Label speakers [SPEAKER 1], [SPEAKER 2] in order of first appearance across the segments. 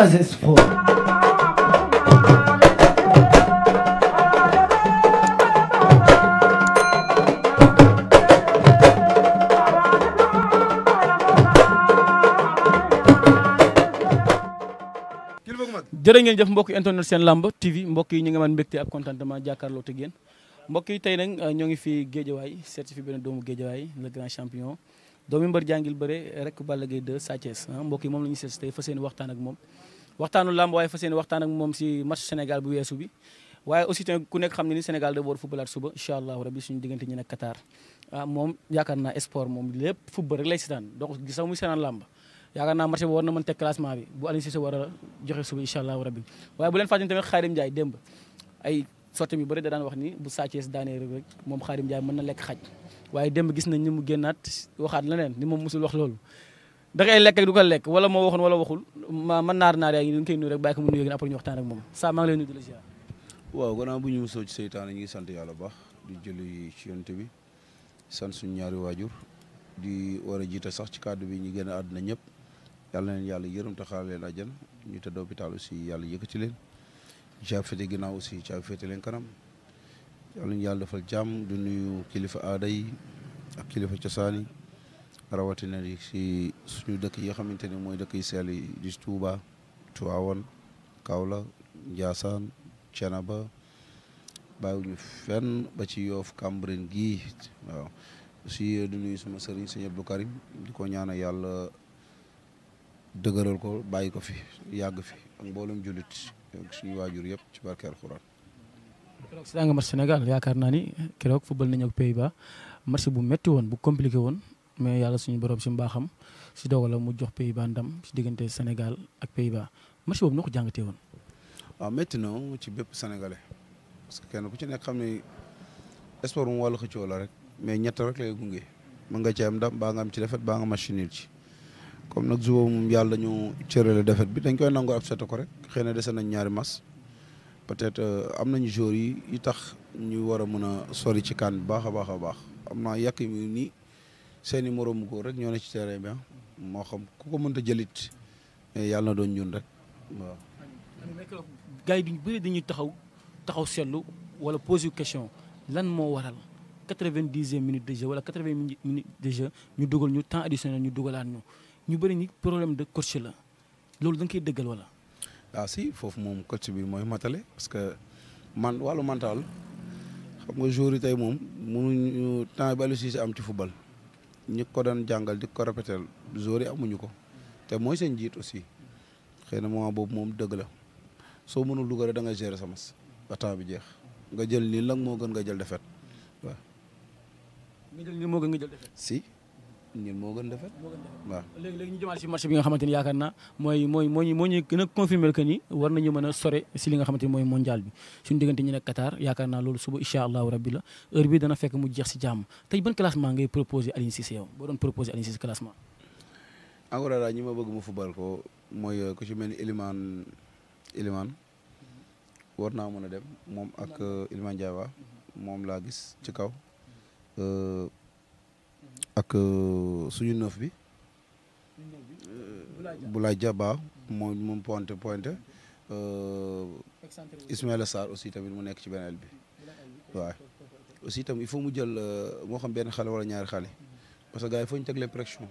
[SPEAKER 1] was es for?
[SPEAKER 2] jërë ngeen jëf mbokk internet seen lamb TV mbokk yi ñu ngi man mbégte ak contentement jàkkaarloo te géen mbokk yi tey nag ñoo ngi fi géejawaay certifié benn doomu géejawaay le grand champion doomi mbër jàngil bëre rek Balla Gaye 2 Sa Thiès ah, moom la ñu seet tey fa seen waxtaan ak moom waxtaanu làmb waaye fas yéene waxtaan ak moom si match Sénégal bu weesu bi waaye aussi tamit ku nekk xam ne ni Sénégal da war footballaat suba incha allahu rabi suñu diggante ñi nag Qatar ah moom yaakaar naa sport moom lépp football rek lay seetaan donc gis sax muy seetaan naa marché bi war na mën teg classement bi bu Aliou Cissé war a joxe suba incha allahu rabi waaye bu leen fàttali tamit Khadim Ndiaye démb ay sortie yu bëri da daan wax ni bu Sa Thiès daanee rek rek moom Khadim Ndiaye man na lekk xaj waaye démb gis nañ ni mu génnaat waxaat leneen ni moom musul wax loolu da ngay lekk ak du lekk wala moo waxoon wala waxul ma man naar naar yaa ngi nu koy nuyu rek bàyyi ko mu nuyu gën après ñu waxtaan ak moom saa maa ngi lay nuyu di la ziar.
[SPEAKER 1] waaw gannaaw bu ñu mosoo ci seytaane ñu ngi sant yàlla baax di jëli ci yonte bi sant suñu ñaari waajur di war a jiite sax ci kàddu bi ñu gën a àdduna ñëpp yàlla leen yàlla yërëm te xaar leen àjjana ñu tëdd hôpital ussi yàlla yëkkati leen caabi féete ginnaaw aussi caabi féete leen kanam yàlla ñu defal jàmm du nuyu kilifa aada yi ak kilifa cosaan yi rawatina li ci suñu dëkk yi nga xamante ni mooy dëkk yi sell yi di Touba Tivaouane Kaolack Ndiassane Thiénaba bàyyiwuñu fenn ba ci Yoff Cambérène gii si aussi euh, di nuyu sama sëriñ sëñ Abdou Karim di ko ñaanal yàlla dëgëral ko bàyyi ko fi yàgg fi ak mboolem jullit ak suñu waajur yëpp ci barke alxuraan.
[SPEAKER 2] keroog si nga match Sénégal yaakaar naa ni keroog football nañu ak Pays-Bas match bu metti woon bu compliqué woon. mais yàlla suñu borom si mbaaxam si dogal la mu jox Pays-Bas ndam si diggante Sénégal ak Pays-Bas match boobu jàngatee woon.
[SPEAKER 1] waaw métti na ci bépp sénégalais kenn ku ci nekk xam ne sport mu wàllu xëccoo la rek mais ñett rek lay gunge mën nga ci am ndam baa nga am ci defet baa nga match nul ci. comme nag Zouba moom yàlla ñu cërale defet bi dañ koy nangu abseté ko rek xëy na dese nañ ñaari mas peut-être euh, am nañu joueurs yi yi tax ñu war a mën a sori ci kan bu baax a baax a baax am naa yàq yu nii seen i moroomu góor rek ñoo ne ci terrain bi ah. moo xam ku ko mënta jëlit yàlla na doon ñun rek
[SPEAKER 2] waaw. gars yi duñ dañuy taxaw taxaw seetlu wala poser question lan moo waral quatre-vingt-dixième minute de jeu wala quatre-vingtième minute de jeu ñu dugal ñu temps additionnel ñu dugalaat ñu ñu bëri ni problème de coach la loolu da koy dëggal wala.
[SPEAKER 1] waaw ah, si foofu moom coach bi mooy matale parce que man wàllu mental xam nga jour yi tey moom mënuñu temps bi Aliou am ci football. ñi ko doon jàngal di ko répéter jour yi amuñu ko te mooy seen jiit aussi xëy na moment boobu moom dëgg la soo mënul dugal da nga gérer samas mas bi jeex nga jël nii lan moo gën nga jël defet
[SPEAKER 2] waaw. nga jël moo gën nga jël
[SPEAKER 1] si. ñun moo gën defet waaw
[SPEAKER 2] léegi léegi ñu jëmaat si match bi nga xamante ni yaakaar naa mooy mooy mooy moo ñuy gën a confirmer ni war nañu mën a sore si li nga xamante ni mooy mondial bi suñu diggante ñu nekk Qatar yaakaar naa loolu suba incha allahu rabbi la heure dana fekk mu jeex si jàmm tey ban classement ngay proposé Aliou Cissé yow boo doon proposé Aliou Cissé classement
[SPEAKER 1] encore daal ñi ma bëgg mu fubal ko mooy euh, ku ci mel ni Iliman Iliman war naa mën a dem moom ak euh, Iliman Diaba mm-hmm. moom laa gis ci kaw euh, ak euh, suñu neuf bi euh, Boulaye Dia Ba moom moom pointé pointé euh, Ismaïla Sarr aussi tamit mu nekk ci beneen bi waaw aussi tam il faut mu jël moo xam benn xale wala ñaari xale parce que gars yi foo ñu teg les pression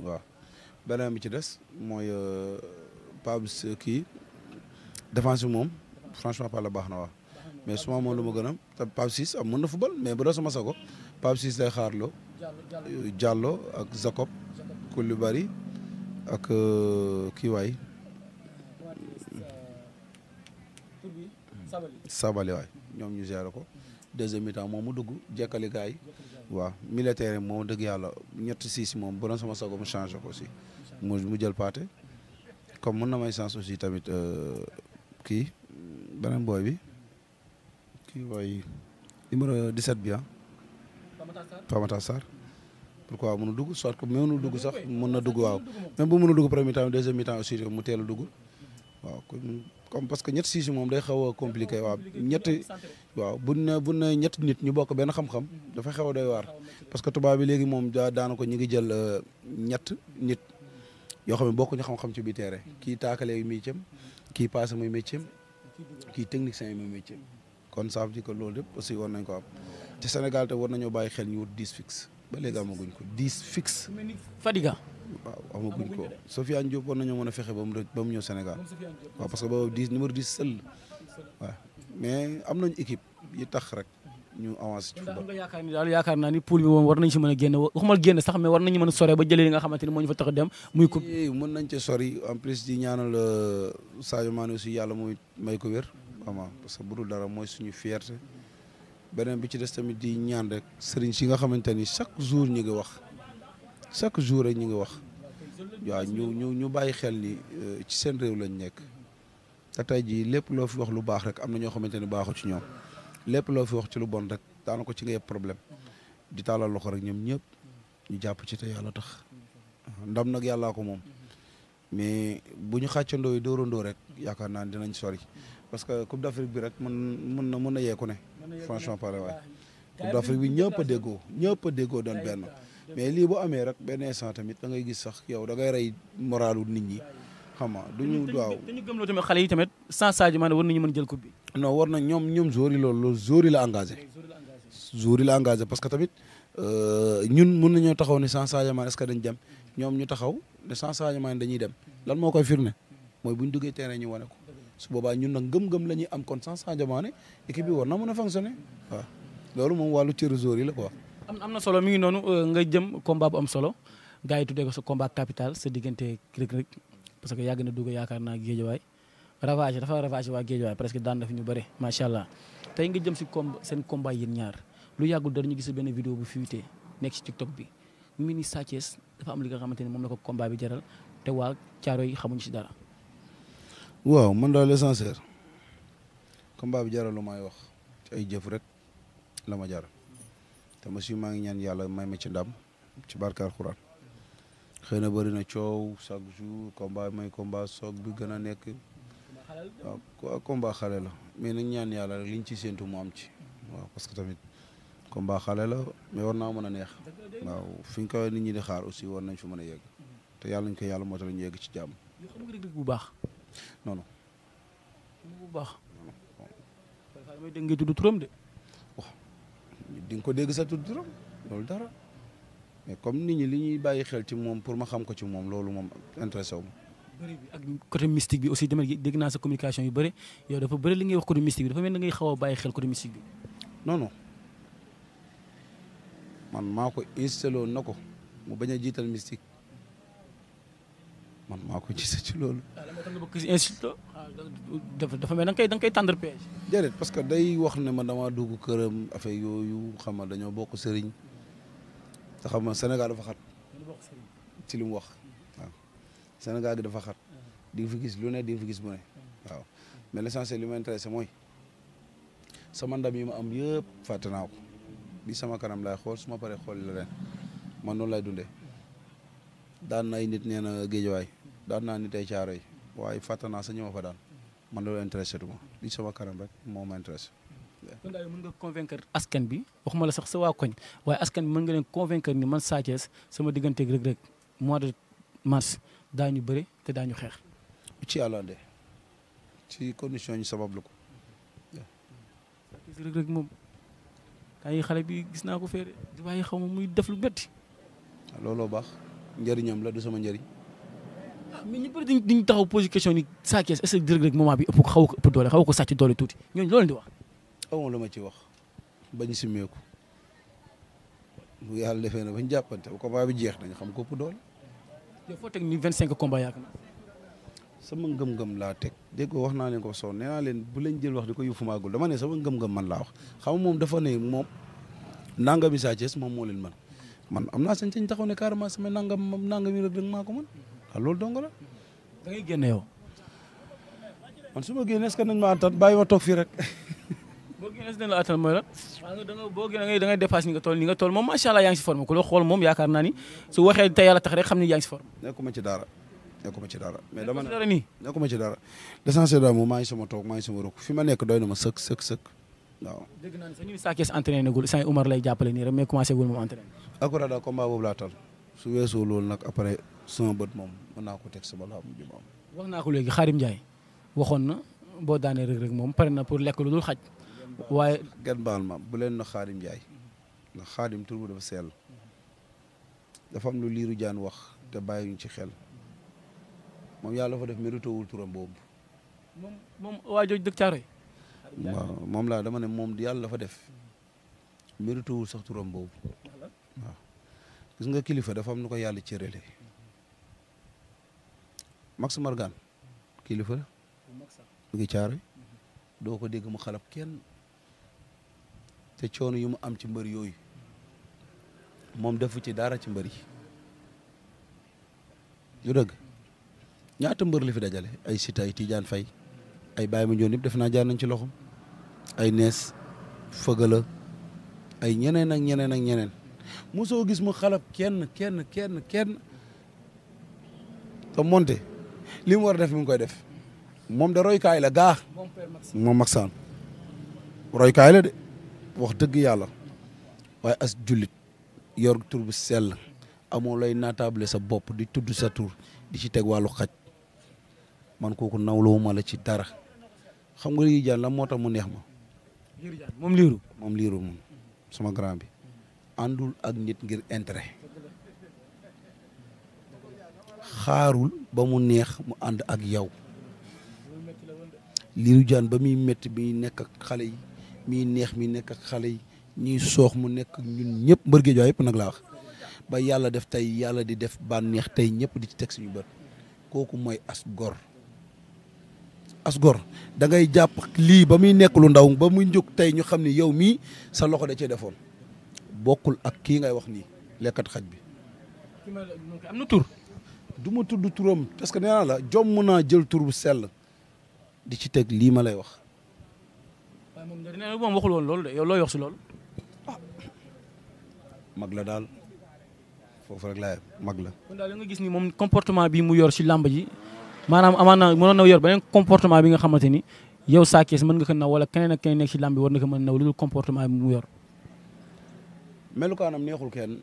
[SPEAKER 1] waaw beneen bi ci des mooy Pape kii défense moom franchement parle baax na waaw mais souvent moom lu ma gën a te Pape am ah, mën na football mais bu dee sama sago Pape Ciss lay xaarloo Euh, Diallo ak Jacob bari ak euh, kii waay Sabali waay ñoom ñu géré ko deuxième mi-temps moom mu dugg jekkali gaay waaw militaire yi moom dëgg yàlla ñett siis moom bu doon sama sago mu changé ko aussi mu mu jël paate comme mën na may chance aussi tamit euh, kii beneen booy bi kii waay numéro 17 bi ah Pape Matar Sarr pourquoi mënu dugg soit que dugg sax mën na dugg waaw même bu mënul dugg premier temps deuxième mi-temps mu teel dugg waaw comme parce que ñett sisi moom day xaw a compliqué waaw ñetti waaw buñ ne bu ne ñetti nit ñu bokk benn xam-xam mm-hmm. dafay xew a waar parce que tubaab bi léegi moom daa daana ko ñu ngi jël euh, ñett nit yoo xam ne bokkuñu xam-xam ci bi terrain mm-hmm. kii taakale yu métier mm-hmm. kii passé muy métier kii technicien yi muy métier kon ça veut dire loolu lépp aussi war nañ ko am te Sénégal te war nañoo bàyyi xel ñu wut dix fixe ba léegi amaguñ ko dix fixe.
[SPEAKER 2] Fadiga. waaw amaguñ ko
[SPEAKER 1] Sofiane Diop war nañoo mën a fexe ba mu ba mu ñëw Sénégal waaw parce que boobu dix numéro dix mais am nañ équipe yi tax rek ñu avancé ci football.
[SPEAKER 2] yaakaar daal yaakaar naa ni poule bi war nañ si mën a génn waxumal sax mais war nañu mën a sore ba jëlee li nga xamante ni moo ñu fa tax a dem. muy coupe eh, mën nañ ci sori
[SPEAKER 1] en plus di ñaanal euh, Sadio Mané aussi yàlla mooy may ko wér. waaw parce que bu dul dara mooy suñu fierté beneen bi ci des tamit di ñaan rek sëriñ si nga xamante ni chaque jour ñu ngi wax chaque jour rek ñu ngi wax waaw ñu ñu ñu bàyyi xel ni euh, ci seen réew lañ nekk te tey jii lépp loo fi wax lu baax rek am na ñoo xamante ni baaxu ci ñoom lépp loo fi wax ci lu bon rek daana ko ci nga yëpp problème di taalal loxo rek ñoom ñëpp ñu jàpp ci te yàlla tax ndam nag yàllaa ko moom mais bu ñu xàccandoo yi dóorandoo rek yaakaar naa dinañ sori parce que Coupe d'Afrique bi rek mën mën na mën yeeku ne franchement parlé waay coupe d'Afrique bi ñëpp a déggoo ñëpp a déggoo doon benn mais lii boo amee rek benn instant tamit da ngay gis sax yow da ngay rey moralu nit ñi xam nga
[SPEAKER 2] du ñu waaw dañu gëmloo tamit xale yi tamit sans Sadio Mané war nañu mën jël coupe bi non na ñoom ñoom joueur yi
[SPEAKER 1] loolu loolu la engagé joueur yi la engagé parce que tamit euh, ñun mën nañoo taxaw ne sans Sadio Mané est-ce que dañ dem ñoom ñu taxaw ne sans Sadio Mané dem lan moo koy firnde mooy bu ñu duggee terrain ñu wane ko su boobaa ñun nag ngëm-ngëm la ñuy am kon sans Sadio bi war na mën a fonctionner waaw loolu moom wàllu trésorerie yi la quoi.
[SPEAKER 2] am na solo mi ngi noonu euh, nga jëm combat bu am solo gars yi tuddee sa combat capital sa diggante Reug Reug que yàgg na dugg yaakaar naa Guédiawaye ravage dafa ravage waa Guédiawaye presque daan na fi ñu bëri macha allah tey nga jëm si comb seen combat yéen ñaar lu yàggul dara ñu gis benn vidéo bu fuité nekk ci TikTok bi mini Sa Thiès dafa am li nga xamante ni moom la ko combat bi jaral te waa caaro yi xamuñu si dara.
[SPEAKER 1] waaw man daal l'essentiel
[SPEAKER 2] combat bi jaral lu may wax
[SPEAKER 1] ay jëf rek la ma jar te monsieur maa ngi ñaan yàlla may ma ci ndam ci barke alxuraan xëy na bëri na coow chaque jour combat may combat soog bi gën a nekk waaw combat xale la mais nañ ñaan yàlla rek liñ ci séntu mu am ci waaw parce que tamit combat xale la mais war naa mën a neex waaw fi ñu ko nit ñi di xaar aussi war nañ fi mën a yegg te yàlla ñu ko yàlla moo tax la ñu yegg ci jàmm. non non.
[SPEAKER 2] bu baax. waaw may dégg
[SPEAKER 1] tudd turam de. waaw oh, di ko dégg sa tudd turam loolu dara mais comme nit ñi li ñuy bàyyi xel ci moom pour ma xam ko ci moom loolu moom intéressé wu
[SPEAKER 2] bëri bi ak côté mystique bi aussi dama dégg naa sa communication yu bëri yow dafa bëri li ngay wax côté mystique bi dafa mel ni ngay xaw a bàyyi xel côté mystique bi. non non
[SPEAKER 1] man maa ko installé na ko mu bañ a jiital mystique. man maa ko gisee ci loolu. Ah,
[SPEAKER 2] ah, dafa dafa mel da nga koy da nga koy parce que day wax ne
[SPEAKER 1] ma damaa dugg këram affaire yooyu xam nga dañoo bokk sëriñ te xam nga Sénégal dafa xat. ci li wax waaw Sénégal gi dafa xat ah. di nga fi gis lu ne di nga gis mu ne waaw mais li ma intéressé mooy sama ndam yi ma am yëpp fàtte naa ko bi sama kanam lay xool su ma paree xool la leen man noonu lay dundee daan na ay nit nee na daan naa ni tey caaro yi waaye fàtte naa sa ñu ma fa daan man loolu intéressé du ma li sama kanam rek moo ma intéressé.
[SPEAKER 2] kon mën nga askan bi waxuma sax sa waa askan bi mën nga leen convaincre ni man Sa sama digganteeg Reug Reug mois de mars daañu bëre te daañu xeex.
[SPEAKER 1] ci àllande ci condition ñu sabablu ko.
[SPEAKER 2] Reug Reug moom kaay xale bi gis naa ko fee de waaye xaw ma muy def lu métti.
[SPEAKER 1] looloo baax njëriñam la du sama njëriñ.
[SPEAKER 2] mais ñu bëri dañu dañu taxaw posé question ni Sa Thiès est-ce que Reug Reug moment ko ëpp doole xaw ko sàcc doole tuuti
[SPEAKER 1] ñooñu loolu di wax. amoon la ma ci wax bañ simmeeku bu yàlla defee na bañ jàppante bu combat bi jeex dañu xam ko ëpp doole.
[SPEAKER 2] yow foo teg ni 25 combat yaakaar naa.
[SPEAKER 1] sama ngëm-ngëm laa teg dégg wax naa leen ko soo nee naa leen bu leen jël wax di ko yuufu maagul dama ne sama ngëm-ngëm man laa wax xam moom dafa ne moom nangami Sa Thiès moom moo leen mën man am naa sañ-sañ taxaw ne carrément sama nangam nangami Reug Reug xam ah, loolu dong la da ngay génne yow man su ma génne est-ce ma attan bàyyi ma toog fii rek.
[SPEAKER 2] boo génne est-ce que nañ la nga boo ni nga toll moom macha allah yaa ngi si forme xool moom yaakaar naa ni su waxee te yàlla tax rek xam ni yaa ngi si forme. nekkuma ci dara nekkuma ci dara.
[SPEAKER 1] ci dara. l'essentiel daal moom maa ngi sama toog maa ngi ma nekk doy na ma sëkk sëkk sëkk waaw.
[SPEAKER 2] dégg ne sax ñu ngi saa kees entraîné na gul Saint Umar lay jàppale nii rek mais commencé gul moom entraîné.
[SPEAKER 1] accord daal combat boobu laa tal su weesoo loolu nag après sama bët moom mën naa ko teg sama laamu ji moom.
[SPEAKER 2] wax naa ko léegi Xarim Ndiaye waxoon na boo daanee rek rek moom pare na pour lekk lu dul xaj. waaye
[SPEAKER 1] ngeen baal ma bu leen na Xarim Ndiaye ndax Xarim tur bu dafa sell dafa lu liiru jaan wax te bàyyiwuñ ci xel moom yàlla fa def méritowul waa jooju moom laa dama ne moom di yàlla fa def méritowul sax turam boobu waaw gis nga kilifa dafa am nu ko yàlla cëralee. Max Margan kilifa la mu ngi caaro doo ko dégg mu xalab kenn te coono yu mu am ci mbër yooyu moom defu ci dara ci mbër yi yu dëgg ñaata mbër li fi dajale ay Sita ay Tidiane Faye ay Baye Mandione yëpp def naa jaar nañ ci loxom ay nees fëgala ay ñeneen ak ñeneen ak ñeneen mosoo gis mu xalab kenn kenn kenn kenn te monte li war a def mi ngi koy def moom de roykaay la gaa moom Maxaan roykaay la de wax dëgg yàlla waaye as jullit yor tur bu sell amoo lay naataable sa bopp di tudd sa tur di ci teg wàllu xaj man kooku nawlowuma la ci dara xam nga lii jaan la moo tax mu neex ma. moom liiru moom liiru moom sama grand bi àndul ak nit ngir intérêt xaarul ba mu neex mu ànd ak yow liiru jaan ba muy metti mi nekk ak xale yi miy neex mi nekk ak xale yi ñuy soox mu nekk ñun ñëpp mbër géej yëpp nag laa wax ba yàlla def tey yàlla di def bànneex tey ñëpp di ci teg suñu bët kooku mooy as gor as gor da jàpp lii ba muy nekk lu ndaw ba muy jóg tey ñu xam ne yow mii sa loxo da cee defoon bokkul ak kii ngay wax nii lekkat xaj bi du ma tudd turam parce que nee naa la jomm naa jël tur bu sell di ci teg lii ma lay wax.
[SPEAKER 2] waaye moom nee na moom woon loolu de yow looy si loolu. Ah.
[SPEAKER 1] mag la daal foofu rek laay mag la.
[SPEAKER 2] kon daal nga gis ni moom comportement bi mu yor si làmb ji maanaam amaan na mënoon na yor beneen comportement bi nga xamante ni yow Sa Thiès mën nga ko naw wala keneen ak keneen nekk si làmb bi war na ko mën naw loolu comportement bi mu yor.
[SPEAKER 1] melukaanam neexul kenn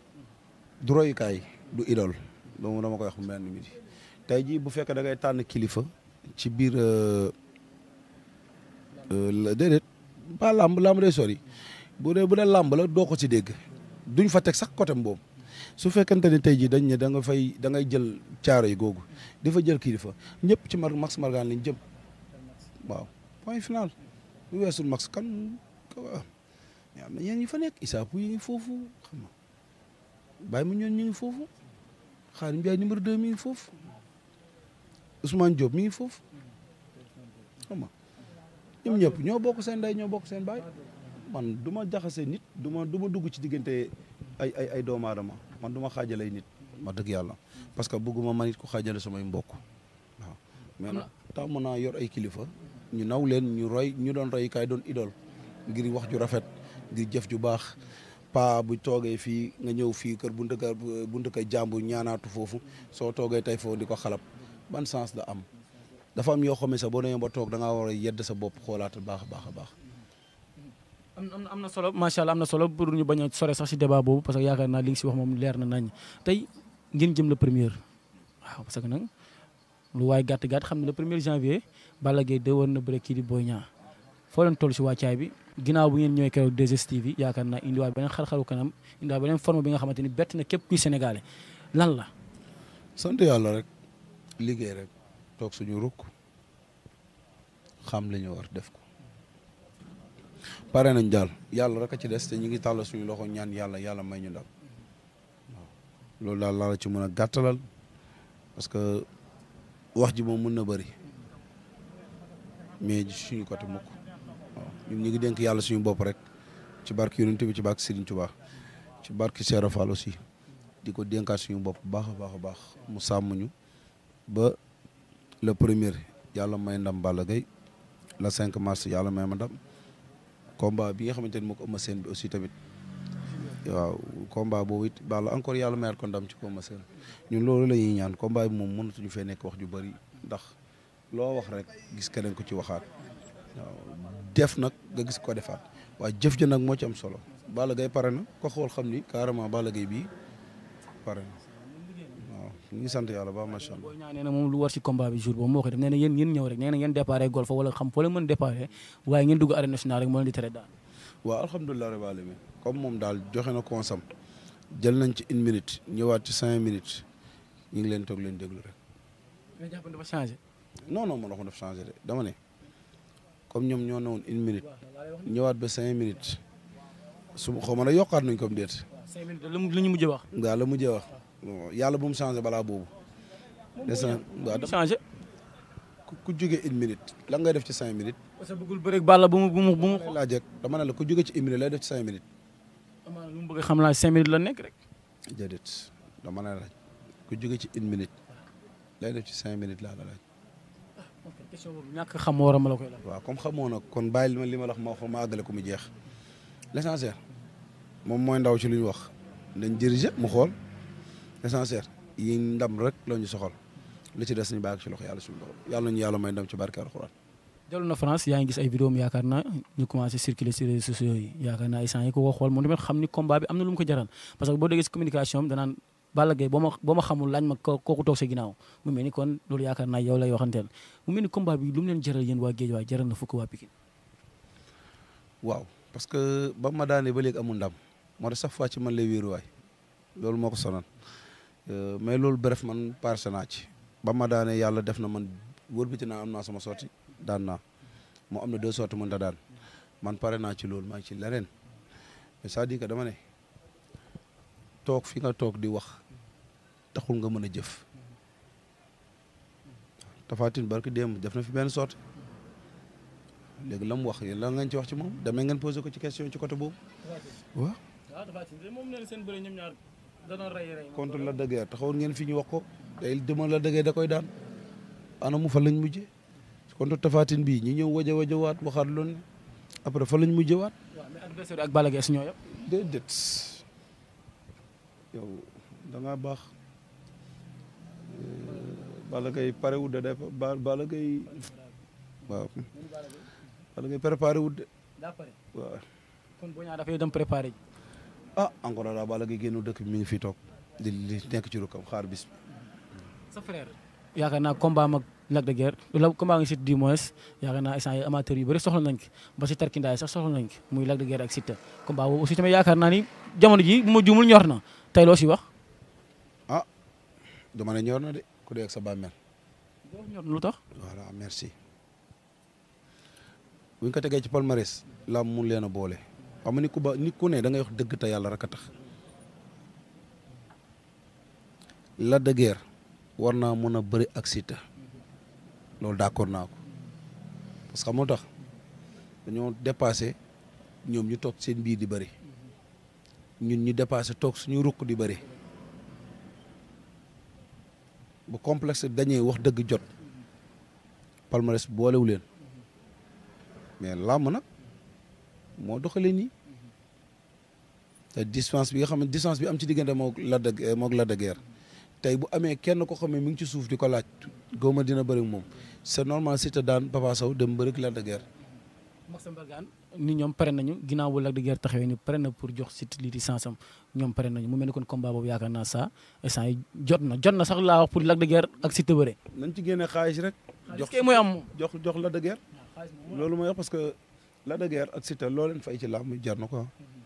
[SPEAKER 1] du royukaay du idole. doomu dama koy wax mu mel ni midi tey jii bu fekkee da ngay tànn kilifa ci biir euh, euh, déedéet ba làmb làmb day sori bu dee bu dee làmb la doo ko ci dégg duñ fa teg sax côté boobu su fekkente ni tey jii dañ ne da fay da jël caaro yi googu di fa jël kilifa ñëpp ci mar max margan lañ jëm waaw point final lu weesul max kan am na yéen ñi fa nekk isaapu yi foofu xam mu ñoon ñu foofu Xaadim Njaay numéro 2 mi ngi foofu Ousmane Diop mi ngi foofu xam nga ñoo bokk seen ndey ñoo bokk seen baay man du ma jaxase nit du ma du ma dugg ci diggante ay ay ay doomu aadama man duma xaajalee nit ma dëgg yàlla parce que bëgguma man it ku xaajale samay mbokk waaw mais nag tàmm naa yor ay kilifa ñu naw leen ñu roy ñu doon royukaay doon idole ngir wax ju rafet ngir jëf ju baax paa bu toogee fii nga ñëw fii kër buntu kër buntu kër jàmbur ñaanaatu foofu soo toogee tey foofu di ko xalab ban sens la am dafa am yoo xam ne sax boo demee ba toog da ngaa war a yedd sa bopp baax a a baax.
[SPEAKER 2] am am na solo macha allah na solo pour ñu bañ a sax si débat boobu parce que yaakaar naa li nga si wax moom leer na nañ tey ngeen jëm la première waaw parce que nag lu waaye gàtt gàtt xam ne le premier janvier Balla Gaye de war na bëre kii di Boy Niang foo leen toll si wàccaay bi ginnaaw bu ngeen ñëwee keroog 2STV yaakaar naa indiwaat beneen xar-xaru kanam indiwaat beneen forme bi nga xamante ni bett na képp kuy sénégalais lan la.
[SPEAKER 1] sant yàlla rek liggéey rek toog suñu rukk xam lañu war def ko pare nañ daal yàlla rek a ci des te ñu ngi tàll suñu loxo ñaan yàlla yàlla may ñu daal waaw loolu daal laal la ci mën a gàttalal parce que wax ji moom mën na bari mais suñu côté mukk ñun ñu ngi dénk yàlla suñu bopp rek ci barke Yonent bi ci barke Serigne Touba ci barke Serigne Fall aussi di ko denkaat suñu bopp baax a baax a baax mu sàmm ñu ba le premier yàlla may ndam Balla Gaye la cinq mars yàlla may ma ndam combat bi nga xamante ni moo ko Eumeu Sène bi aussi tamit waaw combat boobu it encore yàlla mayaat ko ndam ci ko Eumeu Sène ñun loolu la ñuy ñaan combat bi moom mën mënatuñu fee nekk wax ju bari ndax loo wax rek gis keneen ko ci waxaat. def nag nga gis ko defaat waaye
[SPEAKER 2] jëf ji nag moo ci am solo
[SPEAKER 1] Balla gay pare na ko xool xam ni carrément bala Gaye bii pare na waaw ñu ngi sant yàlla ba macha allah. booy
[SPEAKER 2] ñaa nee na moom lu war ci combat bi jour boobu moo ko def nee na yéen ngeen ñëw rek nee na ngeen déparé golf wala xam foo leen mën déparé
[SPEAKER 1] comme moom daal joxe na consam jël nañ ci une minute ñëwaat ci cinq ñu ngi leen toog leen déglu rek.
[SPEAKER 2] nga jàpp dafa changé. non
[SPEAKER 1] non de dama ne. comme ñoom ñoo newoon une minute ñëwaat ba cinq minutes su xaw ma nag yokkaat nañ ko déet.
[SPEAKER 2] cinq minutes la ñu mujj wax.
[SPEAKER 1] waaw la mujjee wax yàlla bu mu changé balaa boobu. des na waaw dafa changé. ku jóge une minute lan ngay def ci cinq minutes. parce que bëggul bëri balla bu mu bu mu bu mu. laa jëkk dama ne la ku jóge ci une minute lay def ci cinq minutes.
[SPEAKER 2] amaana lu mu bëgg xam laa cinq minutes la nekk rek.
[SPEAKER 1] déedéet dama ne la ku jóge ci une minute lay def ci cinq minutes laa la laaj.
[SPEAKER 2] question boobu ñàkk xam moo ma la koy laaj.
[SPEAKER 1] waaw comme xamoo nag kon bàyyi li la ma wax ma àggale ko mu jeex l'essentiel moom mooy ndaw ci lu ñu wax dañ diriger mu xool l'essentiel yi ndam rek la ñu soxal li ci des ñu bàyyi ci loxo yàlla suñu borom yàlla ñu yàlla may ndam ci barke alxuraan.
[SPEAKER 2] dellu na France yaa ngi gis ay vidéo am yaakaar naa ñu commencé circuler ci réseaux sociaux yi yaakaar naa ay sens yi ko woo xool moom tamit xam ni combat bi am na lu mu jaral parce que boo déggee ci Balla Gaye ba ma ba ma xamul laaj ma kooku toog sa ginnaaw mu mel ni kon loolu yaakaar naa yow lay waxanteel mu mel ni combat bi lu mu leen jaral yéen waa géej waay jaral na fukk waa Pikine
[SPEAKER 1] waaw parce que ba ma daanee ba léegi amul ndam moo tax chaque fois man man lay wéeruwaay loolu moo ko sonal euh, mais loolu bref man parce naa ci ba ma daanee yàlla def na man wërbiti naa am naa sama sorti daan naa moo am na deux sorti mën ta daan man pare naa ci loolu maa ngi ci leneen mais toog fi nga toog di wax taxul nga mën a jëf tafatin barki dem def na fi benn sorte léegi la mu wax yéen la ngeen ci wax ci moom demee ngeen posé ko ci question ci côté boobu waaw a la dëggeer taxawoon ngeen fi ñu wax ko day demal la dëggeer da koy daan ana mu fa lañ mujje contre tafatin bi ñu ñëw waja waja waat waxaat loon après fa lañ mujje waat waaw mais
[SPEAKER 2] yow da
[SPEAKER 1] ngaa baax Balla Gaye pare wut de day Balla préparé wut de waaw ñaa dafay dem préparé ji ah encore daal Balla Gaye génnu dëkk bi mi ngi fii toog di li nekk ci rukkam xaar bis
[SPEAKER 2] sa na yaakaar naa combat mag Lac de Guiers la combat nga Siteu du moins yaakaar naa instant yi amateurs yu soxla nañ ko ba si sax soxla nañ ko muy Lac de Guiers ak Siteu combat boobu aussi tamit yaakaar naa ni jamono ji bu ma juumul tey loo si wax.
[SPEAKER 1] ah dama ne ñor na de ku dee ak sa bàmmeel. ñor lu tax. merci. buñ ko tegee ci palmarès. la mun leen a boole. xam nga ni ku ba ni ku ne da ngay wax dëgg te yàlla rek tax. la de Guiers war naa mun a bari ak Siteu loolu d'accord naa ko parce que xam tax dañoo dépassé ñoom ñu toog seen biir di bëri ñun ñu dépassé toog suñu rukk di bëri bu complexe dañee wax dëgg jot palmarès boolewu leen mais làmb nag moo doxalee nii te distance bi nga xam ne distance bi am ci diggante moo la de eh, moog la de tey bu amee kenn ko xamee mu ngi ci suuf di ko laaj góoma dina bëri moom sa normal si te daan Papa dem bëri la de
[SPEAKER 2] ni ñoom pare nañu ginnaaw bu Lac de Guiers taxawee ni pare na pour jox Siteu lii licence am ñoom pare nañu mu mel ni kon combat boobu yaakaar naa saa instant yi jot na jot na sax laa wax pour Lac de Guiers ak Siteu bëre.
[SPEAKER 1] nañ ci génne xaalis rek. jox kay mooy am jox jox Lac de Guiers. Ah, loolu mooy wax parce que Lac de Guiers ak Siteu loo leen fay ci làmb jar na ko mm-hmm.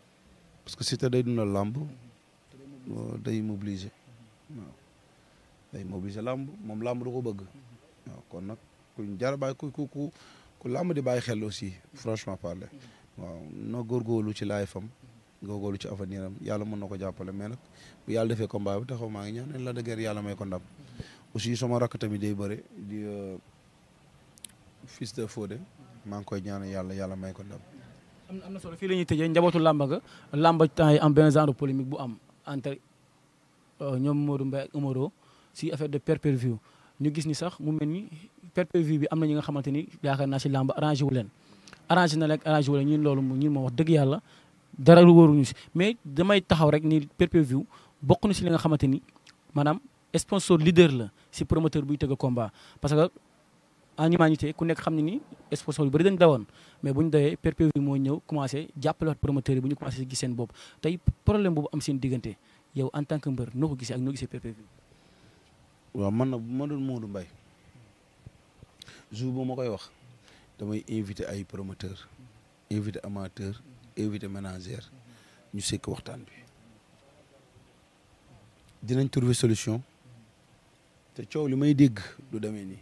[SPEAKER 1] parce que Siteu day dundal làmb mm-hmm. day mobiliser mm-hmm. waaw moom làmb du ko bëgg kon nag kuñ jar ku ku ku. ku làmb di bàyyi xel aussi franchement parler waaw goor góorgóorlu ci laay fam góorgóorlu ci avenir am yàlla mën na ko jàppale mais nag bu yàlla defee combat bi taxaw maa ngi ñaan ne yàlla may ko ndam aussi sama rakk tamit day bëre di euh, fils maa ngi koy ñaan yàlla yàlla may ko ndam.
[SPEAKER 2] am na solo fii la tëjee njabootu làmb ga làmb temps yi am benn genre polémique bu am entre euh, ñoom Modou Mbaye ak si affaire de pay-per-view ñu gis ni sax mu mel ni PPV bi am na ñi nga xamante ni yaakaar naa si làmb arrangé wu leen arrangé na rek arrangé wu leen ñun loolu ñun moo wax dëgg yàlla dara lu wóoruñu si mais damay taxaw rek nii PPV bokk na si li nga xamante ni maanaam sponsor leader la si promoteur buy tëgg combat parce que en humanité ku nekk xam ne ni sponsor yu bëri dañ dawoon mais bu ñu dawee PPV moo ñëw commencé jàppalewaat promoteur yi bu ñu commencé gis seen bopp tey problème boobu am seen diggante yow en tant que mbër noo ko gisee ak noo gisee
[SPEAKER 1] waaw man na bu ma doon Modou Mbaye jour bu ma koy wax damay invité ay promoteur invité amateur invité manager ñu sekk waxtaan bi dinañ trouver solution te coow li may dégg du demee ni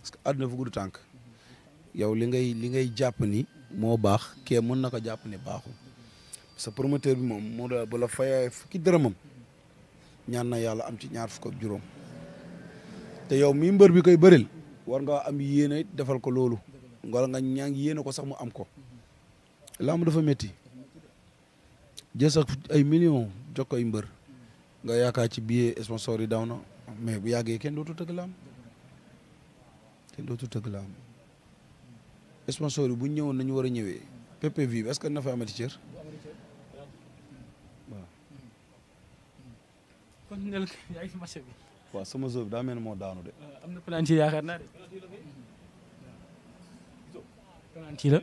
[SPEAKER 1] parce que àdduna fu gudd tànk yow li ngay li ngay jàpp ni moo baax ke mën na ko jàpp ne baaxul sa promoteur bi moom moo da ba la fayee fukki dërëmam ñaan na yàlla am ci ñaar fukk ak juróom te yow mi mbër bi kay bëril war nga am yéene defal ko loolu wala nga ñaa ngi ko sax mu am ko lamb dafa metti jël sax ay millions jox ko mbër nga yaakaar ci billet sponsor yi daw na mais bu yàggee kenn dootu tëgg lamb kenn dootu tëgg bu ñëwoon nañu war a ñëwee PPV bi est-ce que na fa amati cër waaw sama zone bi daa mel ni moo daanu de. Euh, am
[SPEAKER 2] na plan ci yaakaar naa de. plan
[SPEAKER 1] ci la.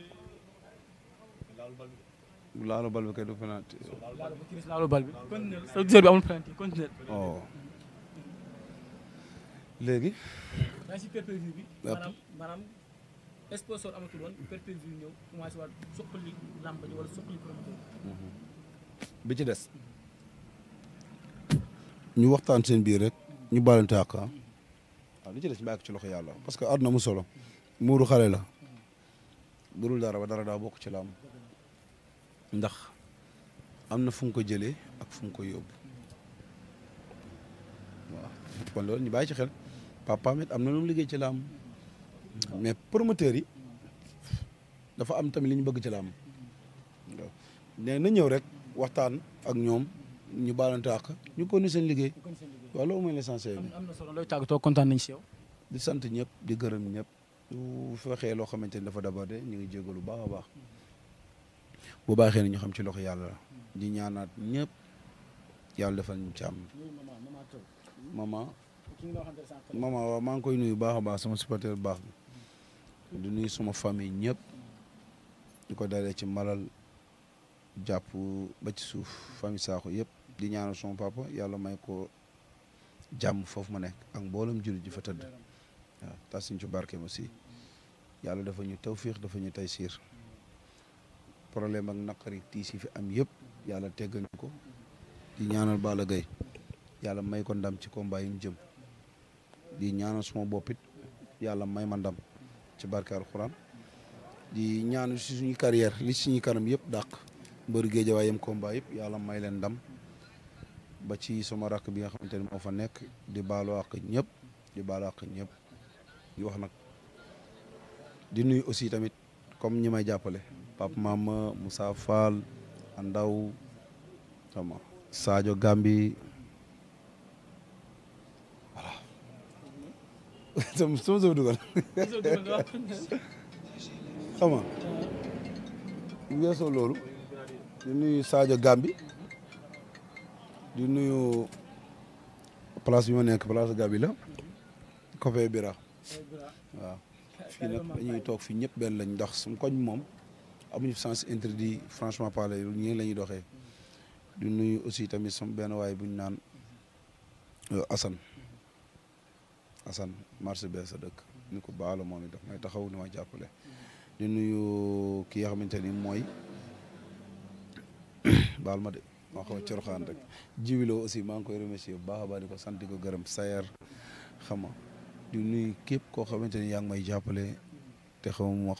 [SPEAKER 1] laalu bal bi kay du penalty.
[SPEAKER 2] laalu bal bi continué sa zone bi amul oh. penalty mhm.
[SPEAKER 1] bi ci des. ñu waxtaan seen biir rek. ñu baalante àq ah. waaw li ci des ñu ci loxo yàlla parce que na mu solo. Mm. muuru xale la. burul dara ba dara daa bokk ci laam ndax am na fu nga ko jëlee ak fu ko yóbbu waaw kon loolu ñu bàyyi ci xel papaam it am na lu liggéey ci laam mais promoteurs yi dafa am tamit li ñu bëgg ci laam na ñëw rek waxtaan ak ñoom ñu baalante ak ñu ko ni seen liggéey waaw loolu mooy l'essentiel bi. am na solo looy tàggatoo kontaan nañ sew di sant ñëpp di gërëm ñëpp. bu fexee loo xamante ni dafa dabade ñu ngi jégalu baax a baax. bu baaxee ni ñu xam ci loxo yàlla la. di ñaanaat ñëpp. yàlla defal ñu càmm.
[SPEAKER 2] maman. maman
[SPEAKER 1] waaw maa ngi koy nuyu baax a baax sama supporteur baax bi. di nuyu sama fami ñëpp. di ko dalee ci malal jàpp ba ci suuf famille saako yëpp. di ñaanal son papa yàlla may ko. jàmm foofu ma nekk ak mboolum jullit ji fa tëdd waaw tas ñu ci barkeem aussi yàlla dafa ñu tawfiix dafa ñu taysiir problème ak naqari tiis yi fi am yëpp yàlla teggal ko di ñaanal Balla Gaye yàlla may ko ndam ci combat jëm di ñaanal suma boppit yàlla may ma ndam ci barke alxuraan di ñaanal si suñu carrière li suñu kanam yëpp dàq mbër géejawaayam combat yëpp yàlla may leen ndam ba ci sama rakk bi nga xamante ni moo fa nekk di baalu àq ñëpp di baalu àq di wax nag di nuyu aussi tamit comme ñi may jàppale Pape Mama Moussa Fall Andaw saajo Sadio Gambi voilà sama dugal xam weesoo loolu di nuyu Gambi di nuyu place yu ma nekk place Gabi la Café Bira waaw fii nag dañuy toog fii ñëpp benn lañ ndax suñ koñ moom amuñu sens interdit franchement parler lu ñii la ñuy doxee du nuyu aussi tamit sama benn waay bu ñu naan euh, Assane Assane marché bee sa dëkk ni ko baala moom itam may taxaw ni ma jàppale di nuyu ki nga xamante mooy baal ma de maa xaw a corxaan rek jiwiloo aussi maa ngi koy remercier bu baax a baax di ko sant di ko gërëm sayer xama di nuyu képp koo xamante ni yaa ngi may jàppale te xaw ma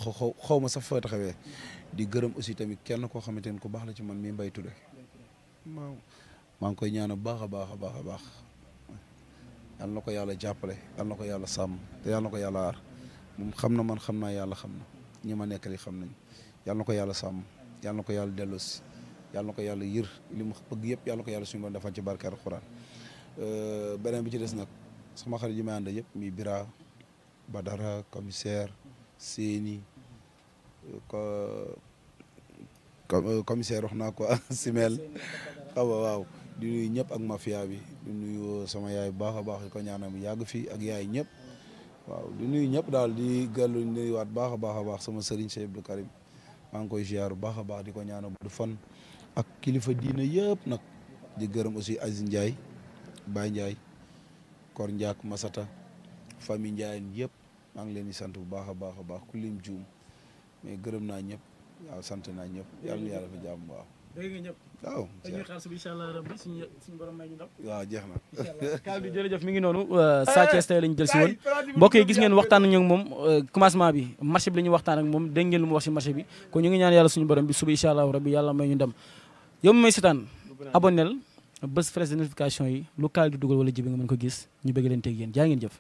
[SPEAKER 1] xaw ma sax fa di gërëm aussi tamit kenn koo xamante ni ku baax la ci man mi mbay tudde waaw ngi koy ñaan bu baax a baax a baax a baax yal na ko yàlla jàppale yal na ko yàlla sàmm te na ko yàlla aar moom xam na man xam naa yàlla xam na ñi ma nekkali xam nañ yal na ko yàlla sàmm yal ko yàlla delloosi yàlla na ko yàlla yër li mu bëgg yëpp yàlla ko yàlla suñu borom defal ci barke alxuraan euh, beneen bi ci des nag sama xarit yi may ànd yëpp mi Bira Badara commissaire Séni euh, commissaire wax naa ko Simel xaw waaw di nuyu ñëpp ak mafia bi di nuyu sama yaay bu baax a baax di ko ñaanal mu yàgg fii ak yaay ñëpp waaw di nuyu ñëpp daal di gàllu nuyuwaat baax a baax a baax sama sëriñ Cheikh Abdou Karim maa koy ziar bu baax a baax di ko ñaanal bu fan. ak kilifa diina yëpp nag di gërëm aussi Aziz Ndiaye Baye njaay Kor Ndiak Masata famille Ndiaye yëpp maa ngi leen di sant bu a baax a baax ku juum mais gërëm naa ñëpp waaw sant naa ñëpp yàlla na yàlla fa jàmm waaw.
[SPEAKER 2] dégg nga ñëpp. waaw dañuy xaar subi incha allah rabbi suñu suñu borom may ñu ndam. waaw jeex na. incha ngi noonu. Euh, eh, Sa Thiès tey lañ jël si woon mbokk gis ngeen waxtaan moom euh, commencement bi marché bi la ñuy moom dégg lu mu wax si marché bi kon ñu ngi ñaan yàlla suñu borom bi subi incha allah rabbi yàlla may ñu ndam yow mi may seetaan abonnel bés frais de notification yi di dugal wala jibi nga mën ko gis ñu bëgg leen teg yéen jaa ngeen jëf